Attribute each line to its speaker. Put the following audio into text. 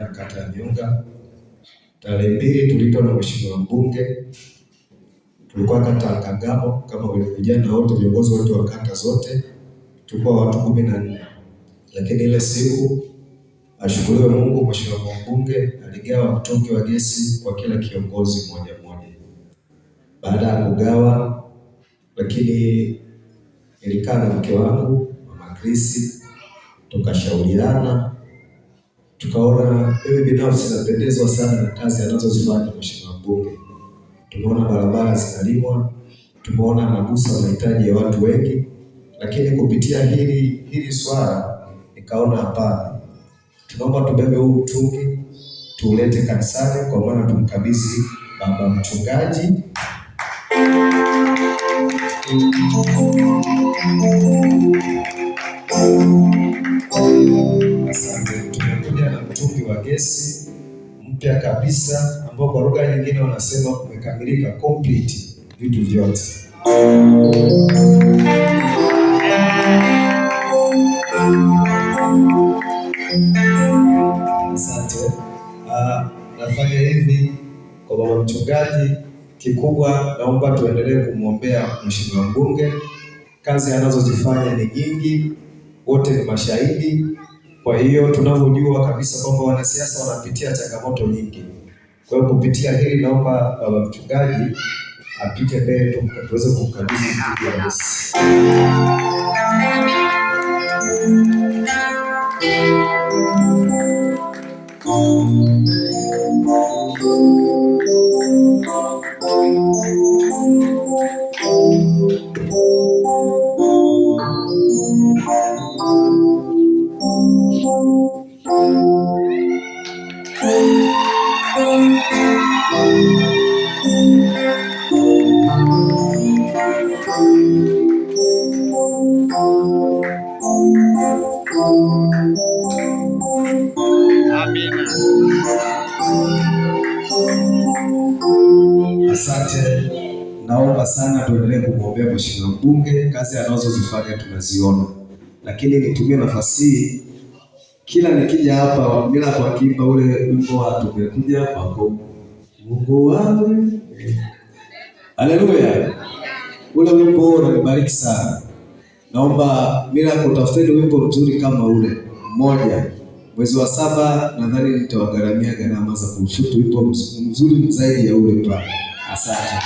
Speaker 1: ya kata ya Miunga. Tarehe mbili tulikuwa na mheshimiwa mbunge, tulikuwa kata ya Kagabo kama wale vijana wote, viongozi wote wa kata zote, tulikuwa watu kumi na nne, lakini ile siku ashukuriwe Mungu, mheshimiwa mbunge aligawa mtungi wa gesi kwa kila kiongozi mmoja mmoja. Baada ya kugawa, lakini nilikaa na mke wangu mama Krisi, tukashauriana tukaona wewe binafsi napendezwa sana na kazi anazozifanya mheshimiwa mbunge. Tumeona barabara zinalimwa, tumeona anagusa mahitaji ya watu wengi, lakini kupitia hili hili swala nikaona hapana, tunaomba tubebe huu mtungi tuulete kanisani, kwa maana tumkabidhi baba mchungaji mpya kabisa ambao kwa lugha nyingine wanasema kumekamilika, complete vitu vyote. Asante. Uh, nafanya hivi kwa baba mchungaji. Kikubwa naomba tuendelee kumwombea mheshimiwa mbunge, kazi anazozifanya ni nyingi, wote ni mashahidi kwa hiyo tunavyojua kabisa kwamba wanasiasa wanapitia changamoto nyingi. Kwa hiyo kupitia hili, naomba baba mchungaji apite mbele tuweze kumkabidhi. Amina. Asante. Naomba sana tuendelee kumwombea mheshimiwa mbunge, kazi anazozifanya tunaziona, lakini nitumie nafasi hii, kila nikija hapa bila kuimba ule wimbo wa tumekuja kwako Mungu wangu, haleluya, ule wimbo unanibariki sana Naomba mira kutafuteni wimbo mzuri kama ule mmoja, mwezi wa saba, nadhani nitawagharamia gharama za kushuti wimbo mzuri zaidi ya ule pale. Asante.